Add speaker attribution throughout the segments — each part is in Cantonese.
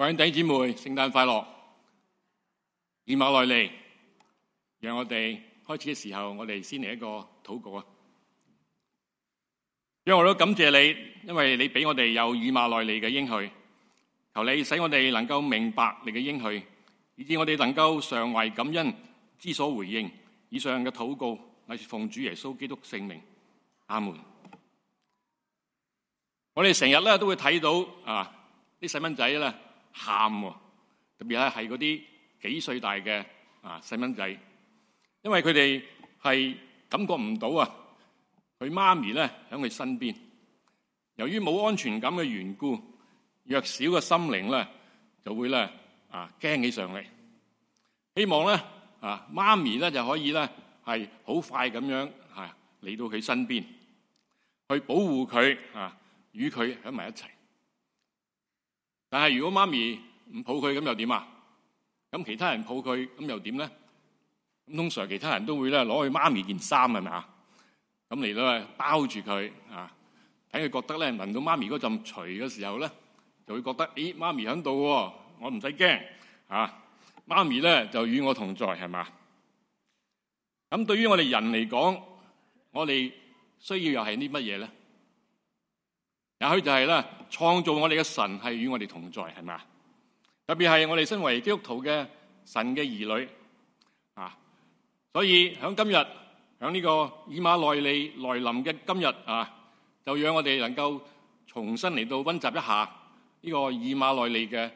Speaker 1: 各位兄弟姊妹，聖誕快樂！以馬內利，讓我哋開始嘅時候，我哋先嚟一個禱告啊！因為我都感謝你，因為你俾我哋有以馬內利嘅應許，求你使我哋能夠明白你嘅應許，以至我哋能夠常懷感恩，知所回應。以上嘅禱告，乃係奉主耶穌基督聖名，阿門。我哋成日咧都會睇到啊，啲細蚊仔咧。喊，特別咧係啲幾歲大嘅啊細蚊仔，因為佢哋係感覺唔到啊，佢媽咪咧響佢身邊，由於冇安全感嘅緣故，弱小嘅心靈咧就會咧啊驚起上嚟，希望咧啊媽咪咧就可以咧係好快咁樣啊嚟到佢身邊，去保護佢啊與佢響埋一齊。但係如果媽咪唔抱佢咁又點啊？咁其他人抱佢咁又點咧？咁通常其他人都會咧攞佢媽咪件衫係咪，咁嚟到包住佢啊，睇佢覺得咧聞到媽咪嗰陣除嘅時候咧，就會覺得咦、哎、媽咪響度、啊，我唔使驚啊，媽咪咧就與我同在係嘛？咁對於我哋人嚟講，我哋需要又係啲乜嘢咧？也許就係咧，創造我哋嘅神係與我哋同在，係咪啊？特別係我哋身為基督徒嘅神嘅兒女，啊！所以響今日響呢個以馬內利來臨嘅今日啊，就讓我哋能夠重新嚟到溫習一下呢個以馬內利嘅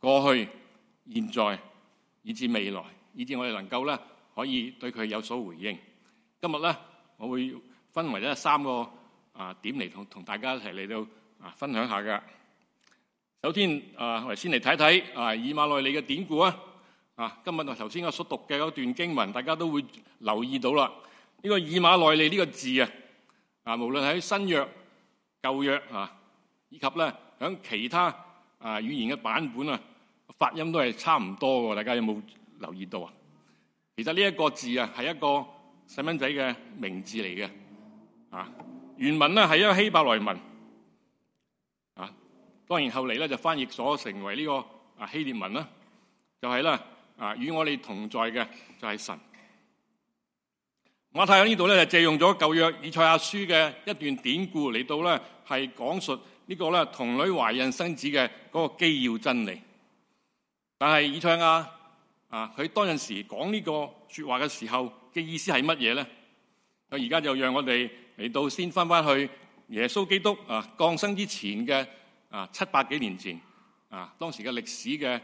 Speaker 1: 過去、現在以至未來，以至我哋能夠咧可以對佢有所回應。今日咧我會分為咧三個。啊，點嚟同同大家一齊嚟到啊，分享下㗎。首先，啊，我哋先嚟睇睇啊，以馬內利嘅典故啊。啊，今日我頭先我所讀嘅嗰段經文，大家都會留意到啦。呢個以馬內利呢個字啊，啊，無論喺新約、舊約啊，以及咧響其他啊語言嘅版本啊，發音都係差唔多嘅。大家有冇留意到啊？其實呢一個字啊，係一個細蚊仔嘅名字嚟嘅，啊。原文咧係一個希伯來文，啊，當然後嚟就翻譯所成為呢個啊希臘文啦，就係、是、啦啊與我哋同在嘅就係神。馬太喺呢度就借用咗舊約以賽亞書嘅一段典故嚟到呢係講述這個呢個同女懷孕生子嘅嗰個基要真理。但係以賽亞啊，佢當陣時講呢個説話嘅時候嘅意思係乜嘢呢？佢而家就讓我哋。嚟到先翻翻去耶穌基督啊降生之前嘅啊七百幾年前啊當時嘅歷史嘅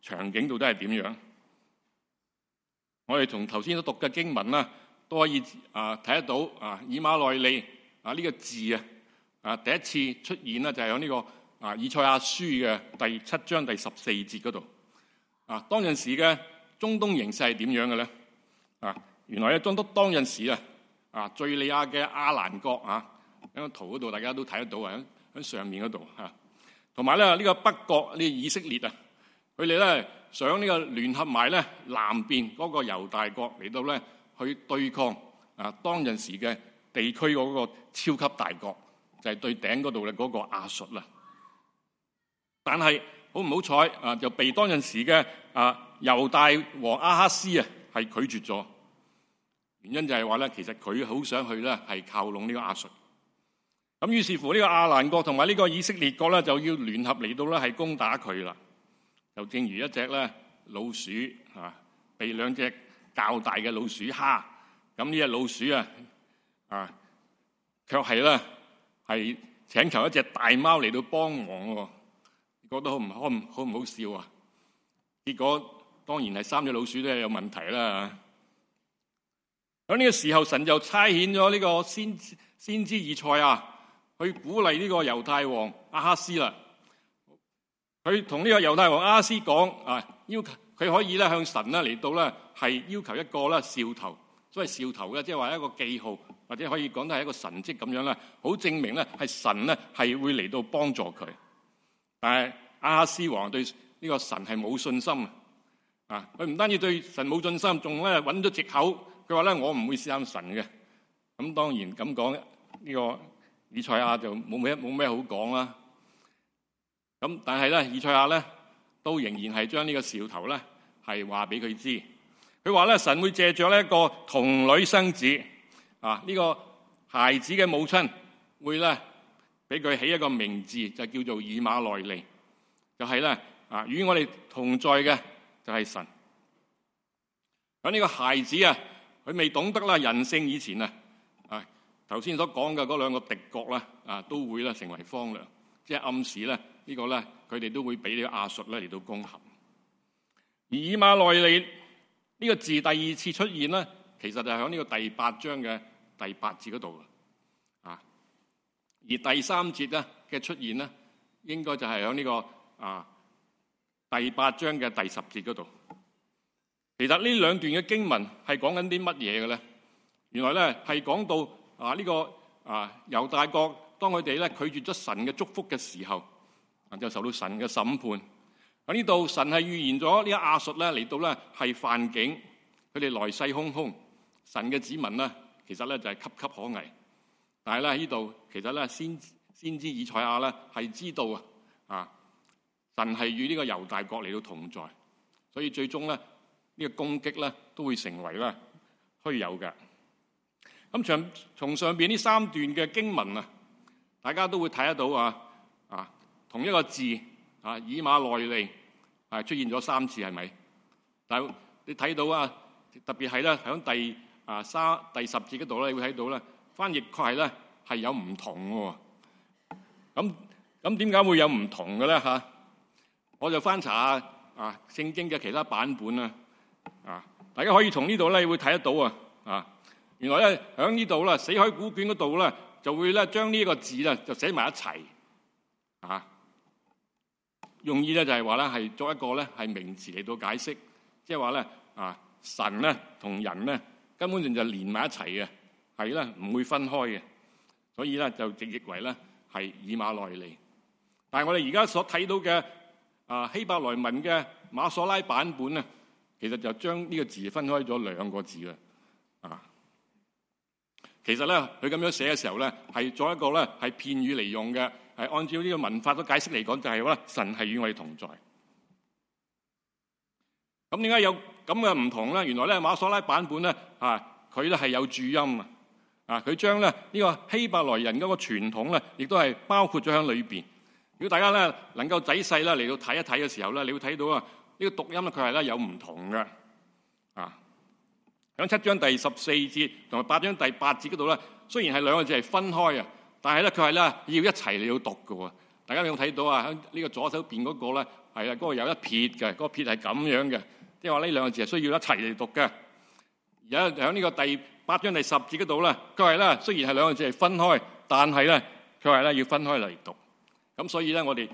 Speaker 1: 場景到底係點樣？我哋從頭先所讀嘅經文啦，都可以啊睇得到啊以馬內利啊呢個字啊啊第一次出現啦，就係喺呢個啊以賽亞書嘅第七章第十四節嗰度啊。當陣時嘅中東形勢係點樣嘅咧？啊原來咧中東當陣時啊～啊，敍利亞嘅亞蘭國啊，喺、啊、個圖嗰度大家都睇得到在啊，喺上面嗰度嚇。同埋咧呢、這個北國呢、這個、以色列啊，佢哋咧想呢個聯合埋咧南邊嗰個猶大國嚟到咧去對抗啊當陣時嘅地區嗰個超級大國，就係、是、對頂嗰度嘅嗰個亞述啦、啊。但係好唔好彩啊，就被當陣時嘅啊猶大王阿哈斯啊係拒絕咗。原因就係話咧，其實佢好想去咧，係靠攏呢個亞述。咁於是乎，呢個亞蘭國同埋呢個以色列國咧，就要聯合嚟到咧，係攻打佢啦。就正如一隻咧老鼠啊，被兩隻較大嘅老鼠蝦。咁呢隻老鼠啊啊，卻係咧係請求一隻大貓嚟到幫忙。你覺得好唔好？好唔好笑啊？結果當然係三隻老鼠都有問題啦。喺呢個時候，神就差遣咗呢個先先知以賽亞，去鼓勵呢個猶太王阿哈斯啦。佢同呢個猶太王阿哈斯講啊，要求佢可以咧向神咧嚟到咧係要求一個咧兆頭，所謂兆頭嘅，即係話一個記號或者可以講得係一個神蹟咁樣啦，好證明咧係神咧係會嚟到幫助佢。但、啊、係阿哈斯王對呢個神係冇信心啊！佢唔單止對神冇信心，仲咧揾咗藉口。佢話咧，我唔會試啱神嘅。咁當然咁講呢個以賽亞就冇咩冇咩好講啦、啊。咁但係咧，以賽亞咧都仍然係將呢個兆頭咧係話俾佢知。佢話咧，神會借着呢一個童女生子啊，呢、這個孩子嘅母親會咧俾佢起一個名字，就叫做以馬內利，就係、是、咧啊與我哋同在嘅就係神。喺、啊、呢、這個孩子啊。佢未懂得啦，人性以前啊，啊，頭先所講嘅嗰兩個敵國啦，啊，都會咧成為荒涼，即係暗示咧呢個咧，佢哋都會俾呢個亞述咧嚟到攻陷。而以馬內利呢個字第二次出現咧，其實就喺呢個第八章嘅第八節嗰度啊。而第三節咧嘅出現咧，應該就係喺呢個啊第八章嘅第十節嗰度。其實呢兩段嘅經文係講緊啲乜嘢嘅咧？原來咧係講到啊呢、這個啊猶大國當佢哋咧拒絕咗神嘅祝福嘅時候、啊，就受到神嘅審判。喺呢度神係預言咗呢個亞述咧嚟到咧係犯境，佢哋來勢洶洶，神嘅子民咧其實咧就係、是、岌岌可危。但係咧呢度其實咧先先知以賽亞咧係知道啊，神係與呢個猶大國嚟到同在，所以最終咧。呢個攻擊咧都會成為咧虛有嘅。咁上從上邊呢三段嘅經文啊，大家都會睇得到啊啊，同一個字啊，以馬內利係出現咗三次，係咪？但你睇到啊，特別係咧喺第啊三第十節嗰度咧，你會睇到咧翻譯確係咧係有唔同喎。咁咁點解會有唔同嘅咧？嚇，我就翻查下啊聖經嘅其他版本啊。大家可以從呢度咧會睇得到啊！啊，原來咧喺呢度啦，死海古卷嗰度咧就會咧將呢一個字咧就寫埋一齊，啊，用意咧就係話咧係作一個咧係名詞嚟到解釋，即係話咧啊神咧同人咧根本上就連埋一齊嘅，係咧唔會分開嘅，所以咧就直譯為咧係以馬內利。但係我哋而家所睇到嘅啊希伯來文嘅馬索拉版本啊。其實就將呢個字分開咗兩個字嘅，啊！其實咧，佢咁樣寫嘅時候咧，係作一個咧係片語嚟用嘅，係按照呢個文法嘅解釋嚟講，就係話神係與我哋同在。咁點解有咁嘅唔同咧？原來咧馬索拉版本咧啊，佢咧係有注音啊！佢將咧呢個希伯來人嗰個傳統咧，亦都係包括咗喺裏邊。如果大家咧能夠仔細啦嚟到睇一睇嘅時候咧，你會睇到啊。呢個讀音咧，佢係咧有唔同嘅啊！響七章第十四節同埋八章第八節嗰度咧，雖然係兩個字係分開啊，但係咧佢係咧要一齊嚟讀嘅喎。大家有冇睇到啊？響呢個左手邊嗰個咧係啊，嗰個有一撇嘅，嗰撇係咁樣嘅，即係話呢兩個字係需要一齊嚟讀嘅。而家響呢個第八章第十節嗰度咧，佢係咧雖然係兩個字係分開，但係咧佢係咧要分開嚟讀。咁所以咧，我哋。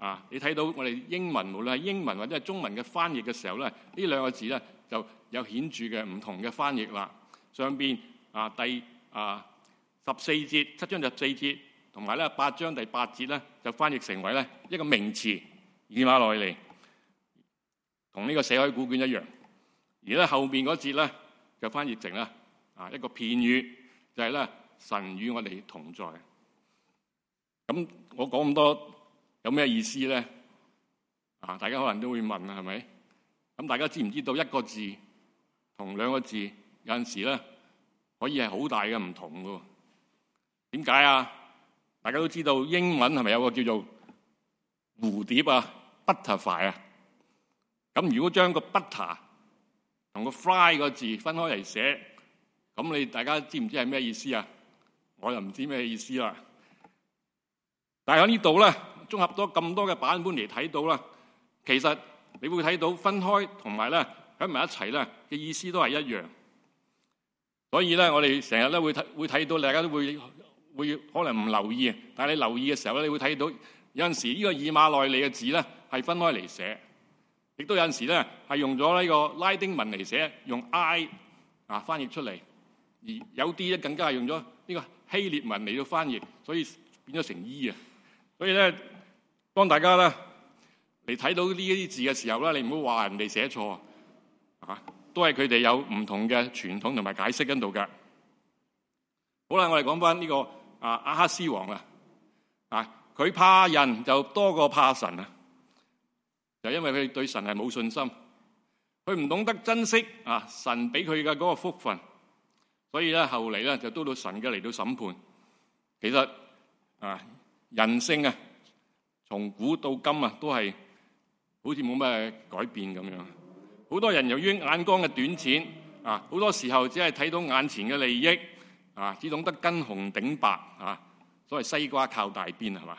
Speaker 1: 啊！你睇到我哋英文，無論係英文或者係中文嘅翻譯嘅時候咧，呢兩個字咧就有顯著嘅唔同嘅翻譯啦。上邊啊，第啊十四節七章十四節，同埋咧八章第八節咧，就翻譯成為咧一個名詞以馬內利，同呢個《死海古卷》一樣。而咧後邊嗰節咧就翻譯成咧啊一個片語，就係、是、咧神與我哋同在。咁我講咁多。有咩意思咧？啊，大家可能都會問啊，係咪？咁大家知唔知道一個字同兩個字有陣時咧可以係好大嘅唔同嘅？點解啊？大家都知道英文係咪有個叫做蝴蝶啊，butterfly 啊？咁如果將個 butter 同個 fly 個字分開嚟寫，咁你大家知唔知係咩意思啊？我又唔知咩意思啦。但係喺呢度咧。綜合多咁多嘅版本嚟睇到啦，其實你會睇到分開同埋咧喺埋一齊咧嘅意思都係一樣。所以咧，我哋成日咧會睇會睇到，大家都會會可能唔留意，但係你留意嘅時候咧，你會睇到有陣時呢個以馬內利嘅字咧係分開嚟寫，亦都有陣時咧係用咗呢個拉丁文嚟寫，用 I 啊翻譯出嚟，而有啲咧更加係用咗呢個希臘文嚟到翻譯，所以變咗成 E 啊，所以咧。當大家咧，你睇到呢一啲字嘅時候咧，你唔好話人哋寫錯，啊，都係佢哋有唔同嘅傳統同埋解釋喺度嘅。好啦，我哋講翻呢個啊亞哈斯王啊，啊，佢怕人就多過怕神啊，就因為佢對神係冇信心，佢唔懂得珍惜啊神俾佢嘅嗰個福分，所以咧後嚟咧就到到神嘅嚟到審判。其實啊人性啊。從古到今啊，都係好似冇咩改變咁樣。好多人由於眼光嘅短淺啊，好多時候只係睇到眼前嘅利益啊，只懂得跟紅頂白啊，所謂西瓜靠大邊係嘛？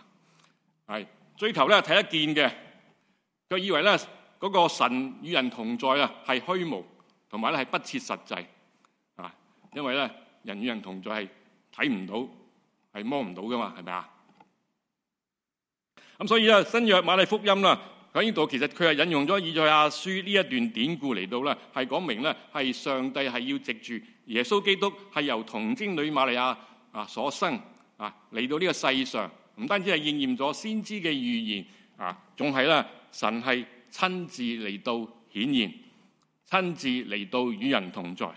Speaker 1: 係追求咧睇得見嘅，佢以為咧嗰個神與人同在咧係虛無，同埋咧係不切實際啊，因為咧人與人同在係睇唔到，係摸唔到噶嘛，係咪啊？咁所以咧，《新約馬利利福音》啦，喺呢度其實佢係引用咗以賽亞書呢一段典故嚟，到咧，係講明咧係上帝係要藉住耶穌基督係由童貞女馬利亞啊所生啊嚟到呢個世上，唔單止係應驗咗先知嘅預言啊，仲係咧神係親自嚟到顯現，親自嚟到與人同在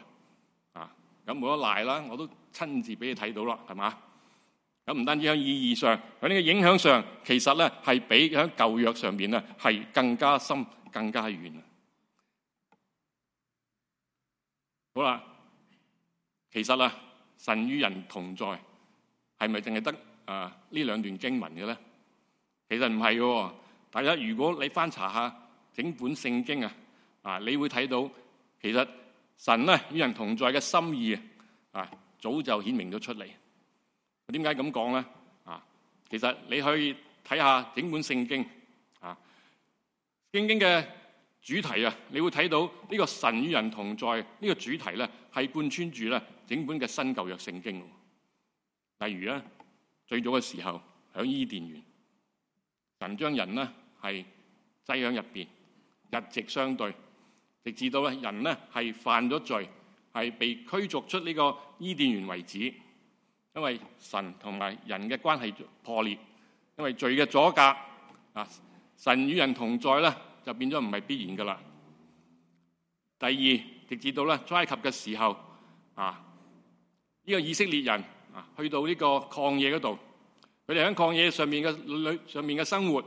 Speaker 1: 啊！咁冇得賴啦，我都親自俾你睇到啦，係嘛？咁唔單止喺意義上，喺呢個影響上，其實咧係比喺舊約上面咧係更加深、更加遠。好啦，其實啊，神與人同在，係咪淨係得啊呢兩段經文嘅咧？其實唔係喎。大家如果你翻查下整本聖經啊，啊，你會睇到其實神咧與人同在嘅心意啊，早就顯明咗出嚟。我點解咁講咧？啊，其實你去睇下整本聖經啊，聖經嘅主題啊，你會睇到呢個神與人同在呢，呢個主題咧，係貫穿住咧整本嘅新舊約聖經。例如咧，最早嘅時候喺伊甸園，神將人呢係擠喺入邊，日夕相對，直至到咧人呢係犯咗罪，係被驅逐出呢個伊甸園為止。因為神同埋人嘅關係破裂，因為罪嘅阻隔啊，神與人同在咧就變咗唔係必然噶啦。第二，直至到咧埃及嘅時候啊，呢個以色列人啊去到呢個曠野嗰度，佢哋喺曠野上面嘅裏上面嘅生活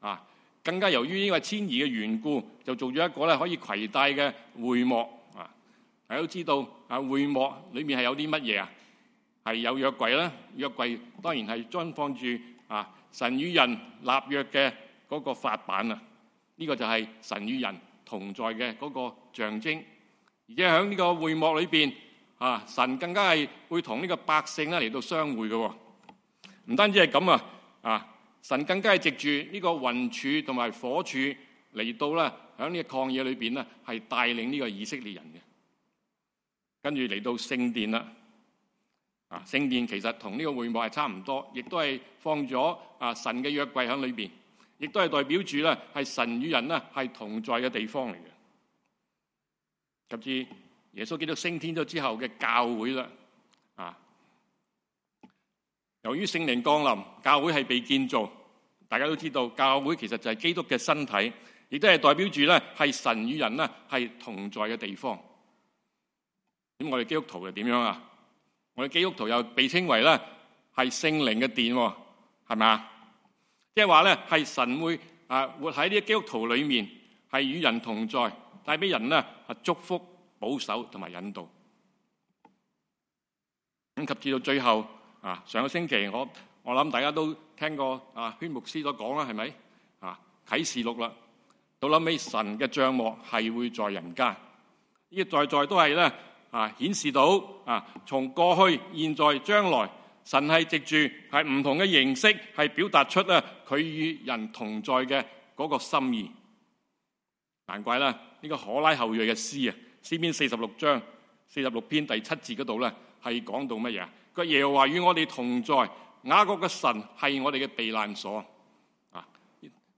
Speaker 1: 啊，更加由於呢個遷移嘅緣故，就做咗一個咧可以攜帶嘅會幕啊。大家都知道啊，會幕裏面係有啲乜嘢啊？係有約櫃啦，約櫃當然係裝放住啊神與人立約嘅嗰個法版啊，呢、這個就係神與人同在嘅嗰個象徵，而且喺呢個會幕裏邊啊，神更加係會同呢個百姓咧嚟到相會嘅喎，唔單止係咁啊，啊神更加係藉住呢個雲柱同埋火柱嚟到啦，喺呢個曠野裏邊咧係帶領呢個以色列人嘅，跟住嚟到聖殿啦。啊，聖殿其實同呢個會幕係差唔多，亦都係放咗啊神嘅約櫃喺裏邊，亦都係代表住咧係神與人咧係同在嘅地方嚟嘅。及至耶穌基督升天咗之後嘅教會啦，啊，由於聖靈降臨，教會係被建造，大家都知道教會其實就係基督嘅身體，亦都係代表住咧係神與人咧係同在嘅地方。咁我哋基督徒係點樣啊？我哋基督徒又被稱為咧係聖靈嘅殿，哦，係咪，就是，啊？即係話咧係神會啊活喺呢啲基督徒裏面，係與人同在，帶俾人咧係祝福、保守同埋引導。咁及至到最後啊，上個星期我我諗大家都聽過啊宣牧師所講啦，係咪啊？啟示錄啦，到撚尾神嘅帳幕係會在人間，呢啲在在都係咧。啊！顯示到啊，從過去、現在、將來，神係藉住係唔同嘅形式，係表達出啊佢與人同在嘅嗰個心意。難怪啦，呢個可拉後裔嘅詩啊，詩篇四十六章四十六篇第七節嗰度咧，係講到乜嘢？個耶和華與我哋同在，雅各嘅神係我哋嘅避難所。啊，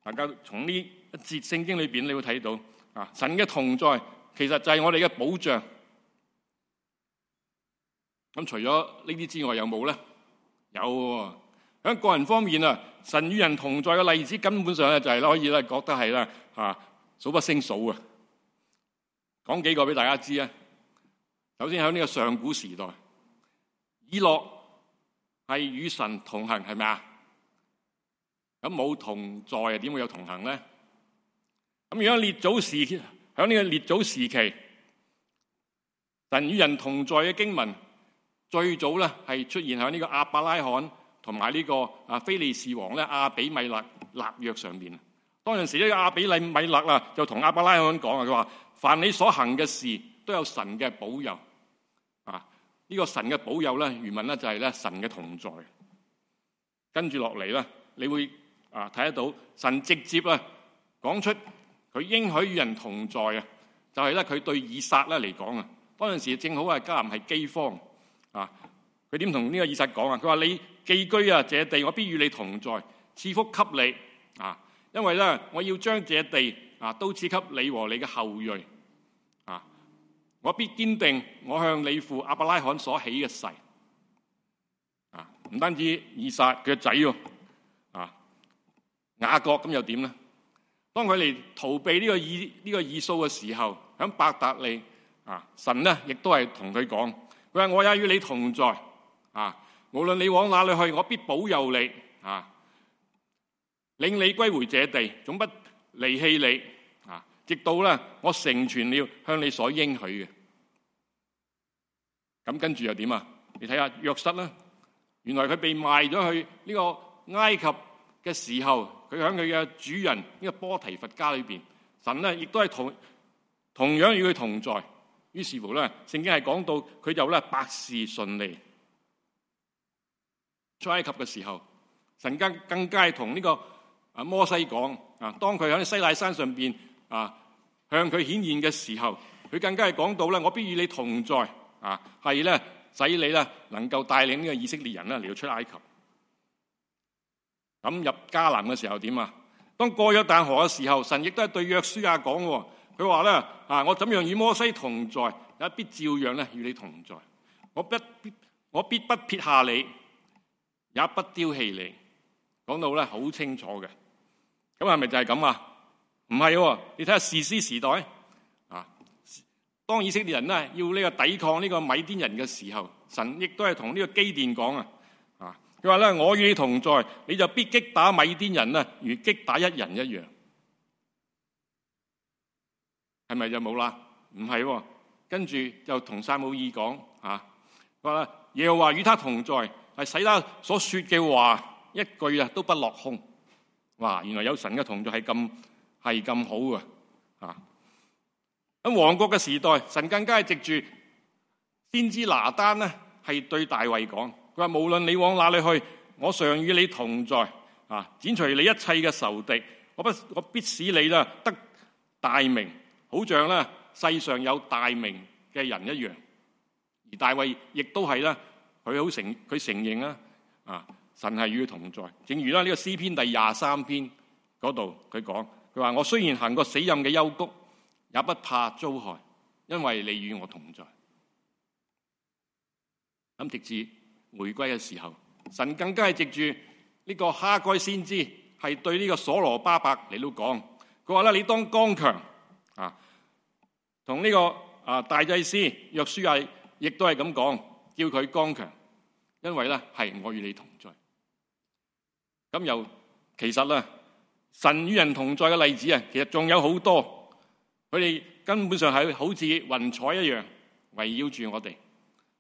Speaker 1: 大家從呢一節聖經裏邊，你會睇到啊，神嘅同在其實就係我哋嘅保障。咁除咗呢啲之外，有冇有呢？有喎、哦。喺個人方面啊，神與人同在嘅例子，根本上就係可以覺得係啦，數不勝數啊。講幾個俾大家知啊。首先喺呢個上古時代，以諾係與神同行，係咪啊？咁冇同在，點會有同行呢？如果列祖時期，喺呢個列祖時期，神與人同在嘅經文。最早咧係出現喺呢個亞伯拉罕同埋呢個啊非利士王咧阿比米勒立約上邊。當陣時咧，阿比利米勒啦就同亞伯拉罕講啊，佢話：凡你所行嘅事都有神嘅保佑。啊，呢個神嘅保佑咧，原文咧就係咧神嘅同在。跟住落嚟咧，你會啊睇得到神直接啊講出佢應許與人同在啊，就係咧佢對以撒咧嚟講啊，嗰陣時正好係迦南係饑荒。啊！佢點同呢個以撒講啊？佢話，你寄居啊，這地我必與你同在，賜福給你啊！因為咧，我要將這地啊都賜給你和你嘅後裔啊！我必堅定我向你父亞伯拉罕所起嘅誓啊！唔單止以撒嘅仔喎啊！雅各咁又點咧？當佢哋逃避呢個以呢、呢個以掃嘅時候，喺伯特利啊，神呢，亦都係同佢講。佢話：我也與你同在，啊，無論你往哪裏去，我必保佑你，啊，領你歸回這地，總不離棄你，啊，直到咧我成全了向你所應許嘅。咁跟住又點啊？你睇下約瑟啦，原來佢被賣咗去呢個埃及嘅時候，佢喺佢嘅主人呢個波提佛家裏邊，神咧亦都係同同樣與佢同在。於是乎咧，聖經係講到佢就咧百事順利出埃及嘅時候，神更更加係同呢個啊摩西講啊，當佢喺西奈山上邊啊向佢顯現嘅時候，佢更加係講到咧，我必與你同在啊，係呢，使你咧能夠帶領呢個以色列人咧嚟到出埃及。咁、嗯、入迦南嘅時候點啊？當過咗大河嘅時候，神亦都係對約書亞講。佢話咧：啊，我怎樣與摩西同在，也必照樣咧與你同在。我不，我必不撇下你，也不丟棄你。講到咧，好清楚嘅。咁係咪就係咁啊？唔係，你睇下士師時代，啊，當以色列人呢，要呢個抵抗呢個米甸人嘅時候，神亦都係同呢個基甸講啊，啊，佢話咧：我與你同在，你就必擊打米甸人啊，如擊打一人一樣。係咪就冇啦？唔係、哦，跟住就同撒母耳講啊。佢話：耶和華與他同在，係使他所說嘅話一句啊都不落空。哇！原來有神嘅同在係咁係咁好的啊！啊喺王國嘅時代，神更加係藉住先知拿單呢，係對大衛講：佢話無論你往哪裡去，我常與你同在啊，剪除你一切嘅仇敵。我不我必使你啦得大名。好像咧世上有大名嘅人一樣，而大衛亦都係咧，佢好承佢承認啦，啊神係與佢同在。正如啦呢、這個詩篇第廿三篇嗰度佢講，佢話我雖然行過死蔭嘅幽谷，也不怕遭害，因為你與我同在。咁直至回歸嘅時候，神更加係藉住呢個哈該先知係對呢個所羅巴伯嚟到講，佢話啦你當剛強啊！同呢個啊大祭司約書亞亦都係咁講，叫佢剛強，因為咧係我與你同在。咁又其實呢，神與人同在嘅例子啊，其實仲有好多，佢哋根本上係好似雲彩一樣圍繞住我哋。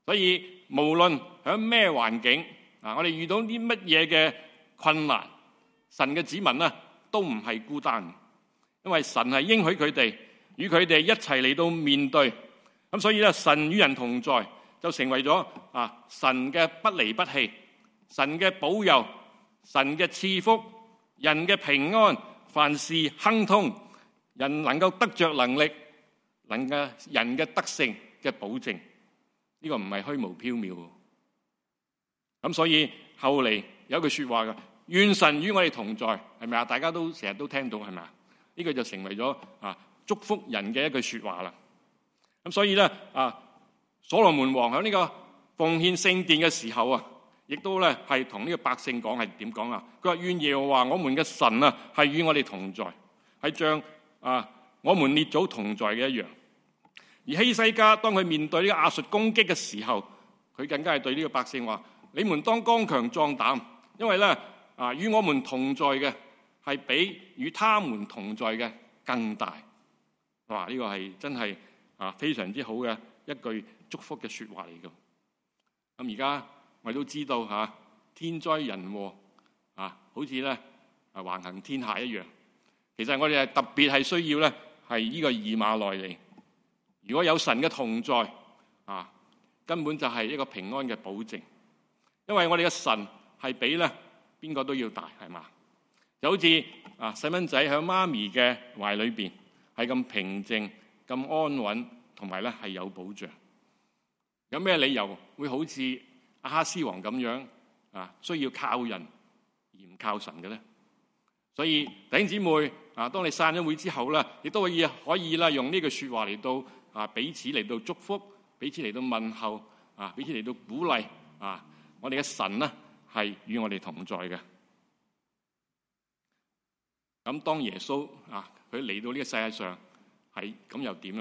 Speaker 1: 所以無論喺咩環境啊，我哋遇到啲乜嘢嘅困難，神嘅子民咧都唔係孤單，因為神係應許佢哋。與佢哋一齊嚟到面對，咁所以咧，神與人同在就成為咗啊！神嘅不離不棄，神嘅保佑，神嘅賜福，人嘅平安，凡事亨通，人能夠得着能力，能加人嘅德性嘅保證，呢個唔係虛無縹緲。咁所以後嚟有句說話嘅，願神與我哋同在，係咪啊？大家都成日都聽到，係咪啊？呢個就成為咗啊！祝福人嘅一句說話啦，咁所以咧啊，所羅門王響呢個奉獻聖殿嘅時候啊，亦都咧係同呢個百姓講係點講啊？佢話願耶和華我們嘅神啊，係與我哋同在，係像啊我們列祖同在嘅一樣。而希西家當佢面對呢個亞述攻擊嘅時候，佢更加係對呢個百姓話：你們當剛強壯膽，因為咧啊，與我們同在嘅係比與他們同在嘅更大。哇！呢、這個係真係啊，非常之好嘅一句祝福嘅説話嚟㗎。咁而家我哋都知道嚇、啊，天災人禍啊，好似咧橫行天下一樣。其實我哋係特別係需要咧，係呢個以馬內利。如果有神嘅同在啊，根本就係一個平安嘅保證，因為我哋嘅神係比咧邊個都要大，係嘛？就好似啊細蚊仔響媽咪嘅懷裏邊。係咁平靜、咁安穩，同埋咧係有保障。有咩理由會好似阿哈斯王咁樣啊？需要靠人而唔靠神嘅咧？所以弟兄姊妹啊，當你散咗會之後咧，亦都可以可以啦，用呢句説話嚟到啊，彼此嚟到祝福，彼此嚟到問候啊，彼此嚟到鼓勵啊。我哋嘅神呢，係與我哋同在嘅。咁當耶穌啊，佢嚟到呢個世界上係咁又點啊？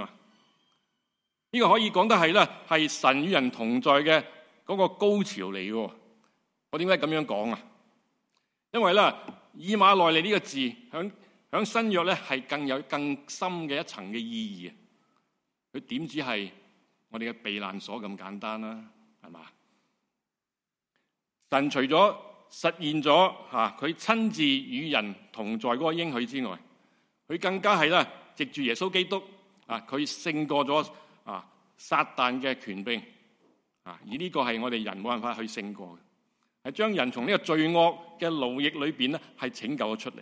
Speaker 1: 呢、這個可以講得係咧，係神與人同在嘅嗰個高潮嚟嘅。我點解咁樣講啊？因為咧，以馬內利呢個字，響新約咧係更有更深嘅一層嘅意義啊。佢點止係我哋嘅避難所咁簡單啦？係嘛？神除咗實現咗嚇，佢親自與人同在嗰個應許之外，佢更加係咧藉住耶穌基督啊，佢勝過咗啊撒旦嘅權柄啊！而呢個係我哋人冇辦法去勝過嘅，係將人從呢個罪惡嘅奴役裏邊咧係拯救咗出嚟。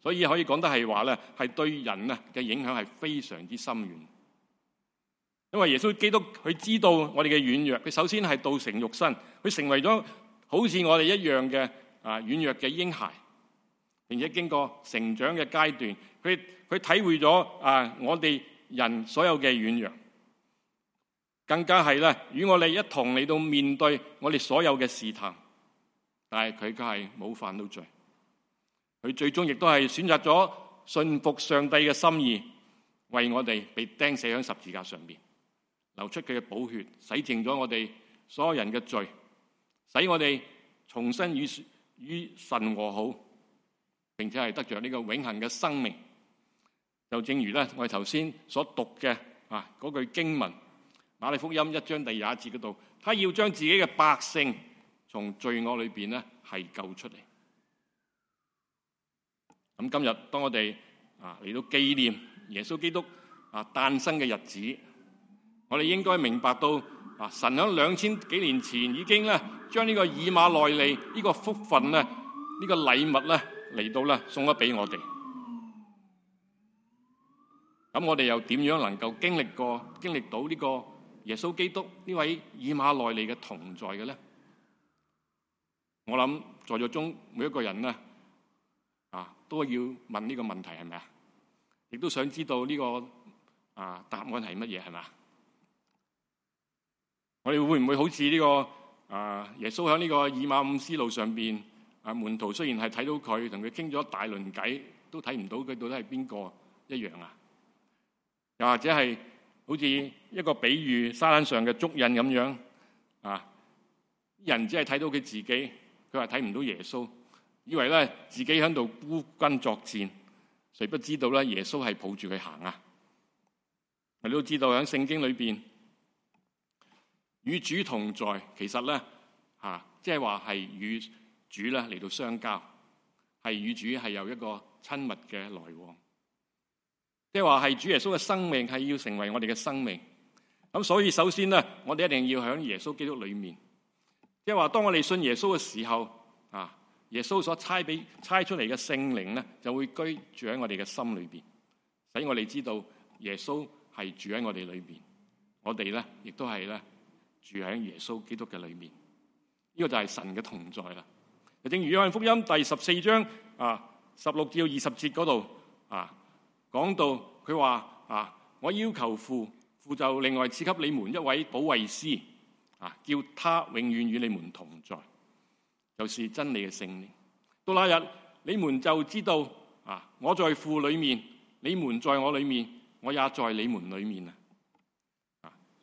Speaker 1: 所以可以講得係話咧，係對人啊嘅影響係非常之深遠。因為耶穌基督佢知道我哋嘅軟弱，佢首先係道成肉身，佢成為咗。好似我哋一樣嘅，啊軟弱嘅嬰孩，並且經過成長嘅階段，佢佢體會咗啊我哋人所有嘅軟弱，更加係咧與我哋一同嚟到面對我哋所有嘅試探，但係佢卻係冇犯到罪，佢最終亦都係選擇咗信服上帝嘅心意，為我哋被釘死喺十字架上邊，流出佢嘅寶血，洗淨咗我哋所有人嘅罪。使我哋重新與與神和好，並且係得着呢個永恆嘅生命。就正如咧，我哋頭先所讀嘅啊嗰句經文，馬利福音一章第廿一節嗰度，他要將自己嘅百姓從罪惡裏邊咧係救出嚟。咁今日當我哋啊嚟到紀念耶穌基督啊誕生嘅日子。我哋應該明白到啊，神喺兩千幾年前已經咧，將呢個以馬內利呢個福分咧，呢個禮物咧嚟到咧，送咗俾我哋。咁我哋又點樣能夠經歷過、經歷到呢個耶穌基督呢位以馬內利嘅同在嘅咧？我諗在座中每一個人咧啊，都要問呢個問題係咪啊？亦都想知道呢個啊答案係乜嘢係咪？我哋會唔會好似呢、這個啊耶穌喺呢個以馬忤斯路上邊啊，門徒雖然係睇到佢，同佢傾咗大輪偈，都睇唔到佢到底係邊個一樣啊？又、啊、或者係好似一個比喻沙灘上嘅足印咁樣啊？人只係睇到佢自己，佢話睇唔到耶穌，以為咧自己喺度孤軍作戰，誰不知道咧耶穌係抱住佢行啊？你都知道喺聖經裏邊。與主同在，其實咧吓、啊，即係話係與主咧嚟，到相交，係與主係有一個親密嘅來往。即係話係主耶穌嘅生命，係要成為我哋嘅生命。咁所以首先咧，我哋一定要響耶穌基督裏面。即係話當我哋信耶穌嘅時候啊，耶穌所差俾差出嚟嘅聖靈咧，就會居住喺我哋嘅心裏邊，使我哋知道耶穌係住喺我哋裏邊。我哋咧，亦都係咧。住喺耶穌基督嘅裏面，呢個就係神嘅同在啦。就正如約翰福音第十四章啊，十六至到二十節嗰度啊，講到佢話啊，我要求父，父就另外賜給你們一位保惠師啊，叫他永遠與你們同在，就是真理嘅聖靈。到那日，你們就知道啊，我在父裏面，你們在我裏面，我也在你們裏面啊。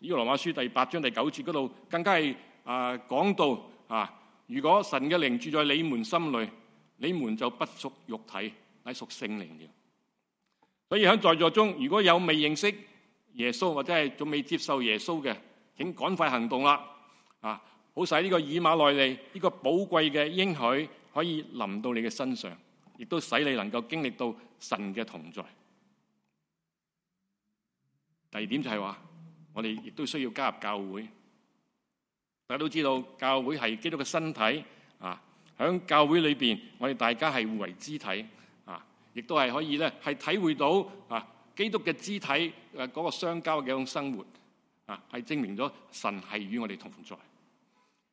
Speaker 1: 呢個羅馬書第八章第九節嗰度更加係啊、呃、講到啊，如果神嘅靈住在你們心裏，你們就不屬肉體，乃屬聖靈了。所以喺在，在座中，如果有未認識耶穌或者係仲未接受耶穌嘅，請趕快行動啦！啊，好使呢個以馬內利呢、這個寶貴嘅應許可以臨到你嘅身上，亦都使你能夠經歷到神嘅同在。第二點就係、是、話。我哋亦都需要加入教會。大家都知道，教會係基督嘅身體，啊！喺教會裏邊，我哋大家係互為肢體啊，亦都係可以咧，係體會到啊基督嘅肢體誒嗰個相交嘅一種生活啊，係證明咗神係與我哋同在。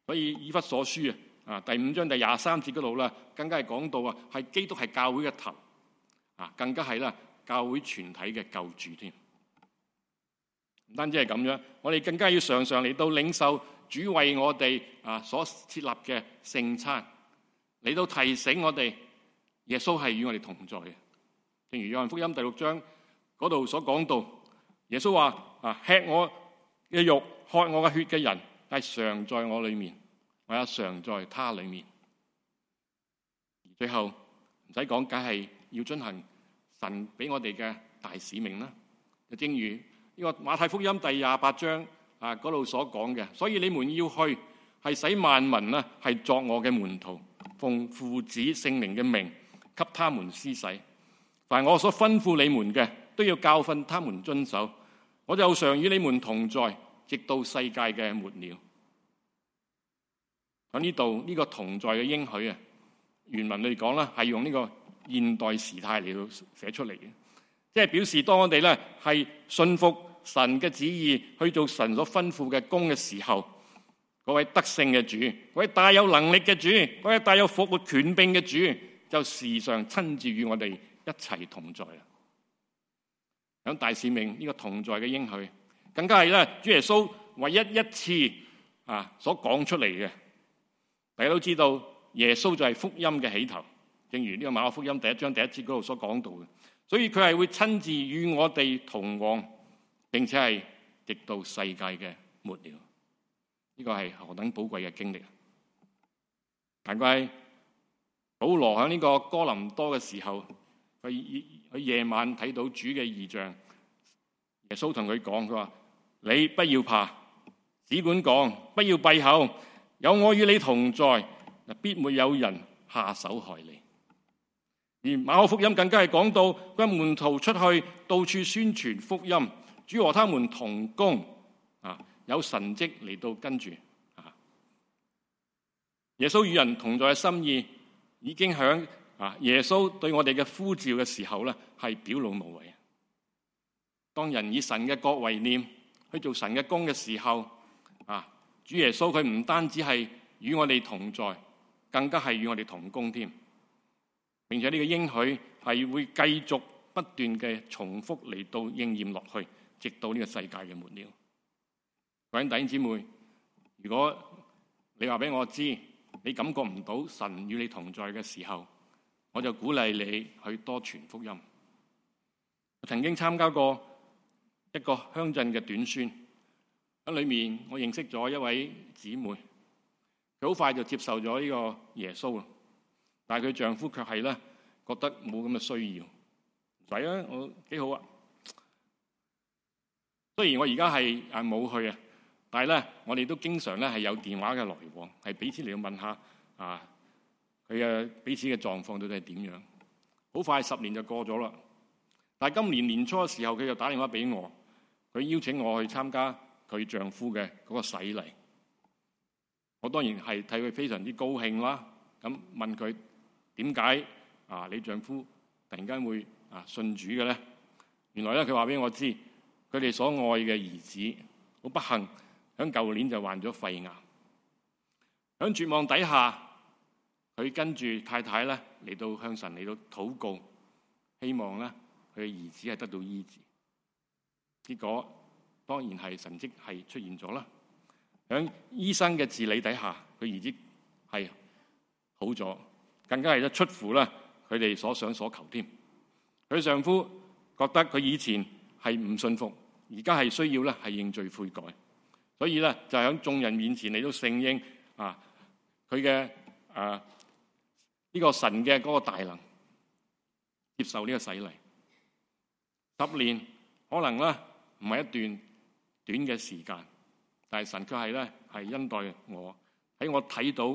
Speaker 1: 所以以弗所書啊啊第五章第廿三節嗰度啦，更加係講到啊，係基督係教會嘅頭啊，更加係咧教會全體嘅救主添。唔單止係咁樣，我哋更加要常常嚟到領受主為我哋啊所設立嘅聖餐，嚟到提醒我哋耶穌係與我哋同在嘅。正如《約翰福音》第六章嗰度所講到，耶穌話：啊，吃我嘅肉、喝我嘅血嘅人係常在我裡面，我也常在他裡面。最後唔使講，梗係要進行神俾我哋嘅大使命啦，就正如，呢個馬太福音第廿八章啊，嗰度所講嘅，所以你們要去係使萬民呢係作我嘅門徒，奉父子聖靈嘅名給他們施洗。凡我所吩咐你們嘅，都要教訓他們遵守。我就常與你們同在，直到世界嘅末了。喺呢度呢個同在嘅應許啊，原文嚟講啦，係用呢個現代時態嚟到寫出嚟嘅。即係表示當我哋咧係信服神嘅旨意去做神所吩咐嘅功嘅時候，嗰位得勝嘅主，嗰位大有能力嘅主，嗰位大有復活權柄嘅主，就時常親自與我哋一齊同在啊！響大使命呢個同在嘅應許，更加係咧主耶穌唯一一次啊所講出嚟嘅。大家都知道耶穌就係福音嘅起頭，正如呢個馬可福音第一章第一節嗰度所講到嘅。所以佢係會親自與我哋同往，並且係直到世界嘅末了，呢、這個係何等寶貴嘅經歷啊！難怪保羅響呢個哥林多嘅時候，佢佢夜晚睇到主嘅異象，耶穌同佢講佢話：你不要怕，只管講，不要閉口，有我與你同在，必沒有人下手害你。而馬可福音更加係講到，佢門徒出去到處宣傳福音，主和他們同工啊，有神蹟嚟到跟住啊。耶穌與人同在嘅心意，已經響啊，耶穌對我哋嘅呼召嘅時候咧，係表露無遺。當人以神嘅國為念去做神嘅工嘅時候啊，主耶穌佢唔單止係與我哋同在，更加係與我哋同工添。並且呢個應許係會繼續不斷嘅重複嚟到應驗落去，直到呢個世界嘅末了。各位弟兄姊妹，如果你話俾我知你感覺唔到神與你同在嘅時候，我就鼓勵你去多傳福音。我曾經參加過一個鄉鎮嘅短宣，喺裡面我認識咗一位姊妹，佢好快就接受咗呢個耶穌。但係佢丈夫卻係咧，覺得冇咁嘅需要，唔使啊，我幾好啊。雖然我而家係啊冇去啊，但係咧，我哋都經常咧係有電話嘅來往，係彼此嚟要問下啊，佢嘅彼此嘅狀況到底係點樣？好快十年就過咗啦。但係今年年初嘅時候，佢就打電話俾我，佢邀請我去參加佢丈夫嘅嗰個洗禮。我當然係替佢非常之高興啦，咁問佢。點解啊？你丈夫突然間會啊信主嘅咧？原來咧，佢話俾我知，佢哋所愛嘅兒子好不幸，響舊年就患咗肺癌。響絕望底下，佢跟住太太咧嚟到向神嚟到禱告，希望咧佢嘅兒子係得到醫治。結果當然係神跡係出現咗啦。響醫生嘅治理底下，佢兒子係好咗。更加係一出乎咧佢哋所想所求添。佢丈夫覺得佢以前係唔信服，而家係需要咧係認罪悔改，所以咧就喺眾人面前嚟到承認啊佢嘅誒呢個神嘅嗰個大能，接受呢個洗禮。十年可能咧唔係一段短嘅時間，但係神卻係咧係恩待我喺我睇到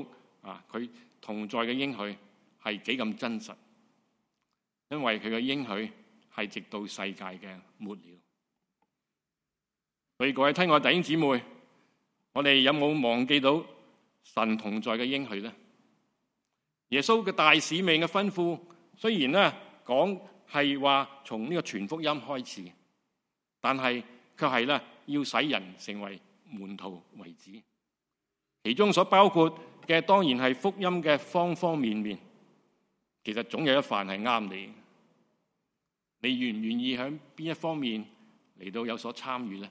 Speaker 1: 啊佢同在嘅應許。係幾咁真實？因為佢嘅應許係直到世界嘅末了。所以各位聽我弟兄姊妹，我哋有冇忘記到神同在嘅應許呢？耶穌嘅大使命嘅吩咐，雖然咧講係話從呢個全福音開始，但係卻係咧要使人成為門徒為止。其中所包括嘅，當然係福音嘅方方面面。其實總有一份係啱你。你願唔願意響邊一方面嚟到有所參與咧？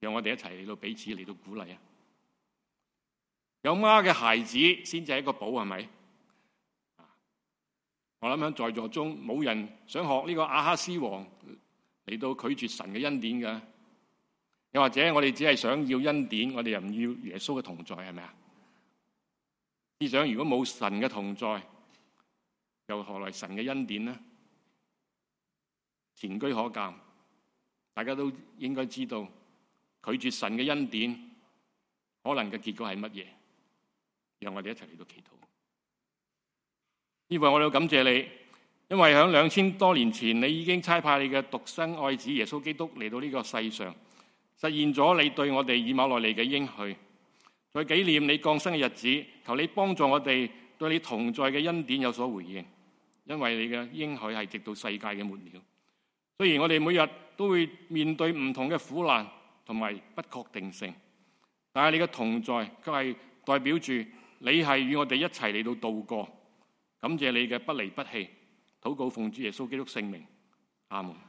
Speaker 1: 讓我哋一齊嚟到彼此嚟到鼓勵啊！有媽嘅孩子先至係一個寶，係咪？我諗喺在，在座中冇人想學呢個亞哈斯王嚟到拒絕神嘅恩典嘅，又或者我哋只係想要恩典，我哋又唔要耶穌嘅同在，係咪啊？思想如果冇神嘅同在？又何來神嘅恩典呢？前車可鑑，大家都應該知道，拒絕神嘅恩典，可能嘅結果係乜嘢？讓我哋一齊嚟到祈禱。呢為我要感謝你，因為喺兩千多年前，你已經差派你嘅獨生愛子耶穌基督嚟到呢個世上，實現咗你對我哋以馬內利嘅應許。在紀念你降生嘅日子，求你幫助我哋對你同在嘅恩典有所回應。因為你嘅應許係直到世界嘅末了，雖然我哋每日都會面對唔同嘅苦難同埋不確定性，但係你嘅同在，佢係代表住你係與我哋一齊嚟到度過。感謝你嘅不離不棄，禱告奉主耶穌基督聖名，阿門。